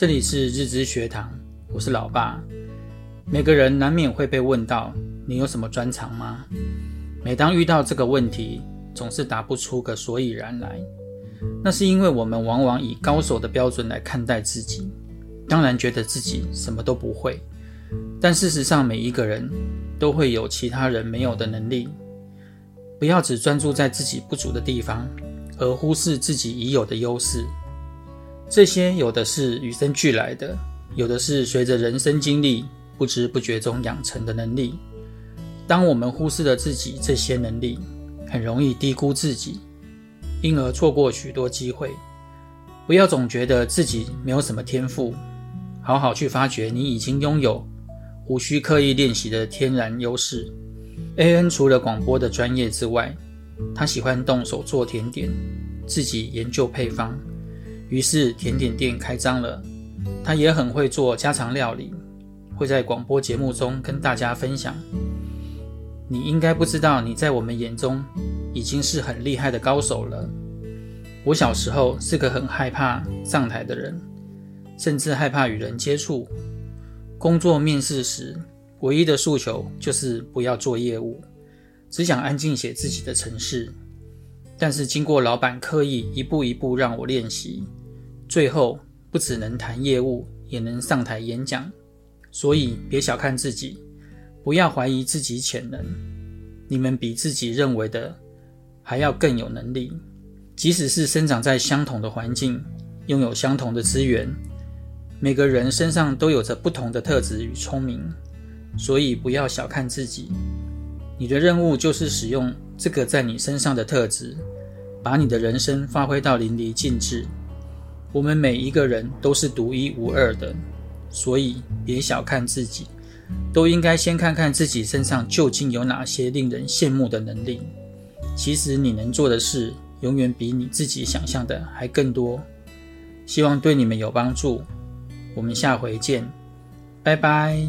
這裡是日知學堂，我是老爸。每個人難免會被問到：“你有什麼專長嗎？”每當遇到這個問題，總是答不出個所以然來。那是因為我們往往以高手的標準來看待自己，當然覺得自己什麼都不會。但事實上，每一個人都會有其他人沒有的能力。不要只專注在自己不足的地方，而忽視自己已有的優勢。這些有的是與生俱來的，有的是隨着人生經歷不知不覺中養成的能力。當我們忽視了自己這些能力，很容易低估自己，因而錯過許多機會。不要總覺得自己沒有什麼天賦，好好去發掘你已經擁有、無需刻意練習的天然優勢。A.N. 除了廣播的專業之外，他喜歡動手做甜點，自己研究配方。於是甜點店開張了，他也很會做家常料理，會在廣播節目中跟大家分享。你應該不知道，你在我們眼中已經是很厲害的高手了。我小時候是個很害怕上台的人，甚至害怕與人接觸。工作面試時，唯一的訴求就是不要做業務，只想安靜寫自己的程式。但是經過老板刻意一步一步讓我練習。最後，不只能談業務，也能上台演講。所以，別小看自己，不要懷疑自己潛能。你們比自己認為的還要更有能力。即使是生長在相同的環境，擁有相同的資源，每個人身上都有着不同的特質與聰明。所以，不要小看自己。你的任務就是使用這個在你身上的特質，把你的人生發揮到淋漓盡致。我們每一個人都是獨一無二的，所以別小看自己，都應該先看看自己身上究竟有哪些令人羨慕的能力。其實你能做的事，永遠比你自己想象的還更多。希望對你們有幫助，我們下回見，拜拜。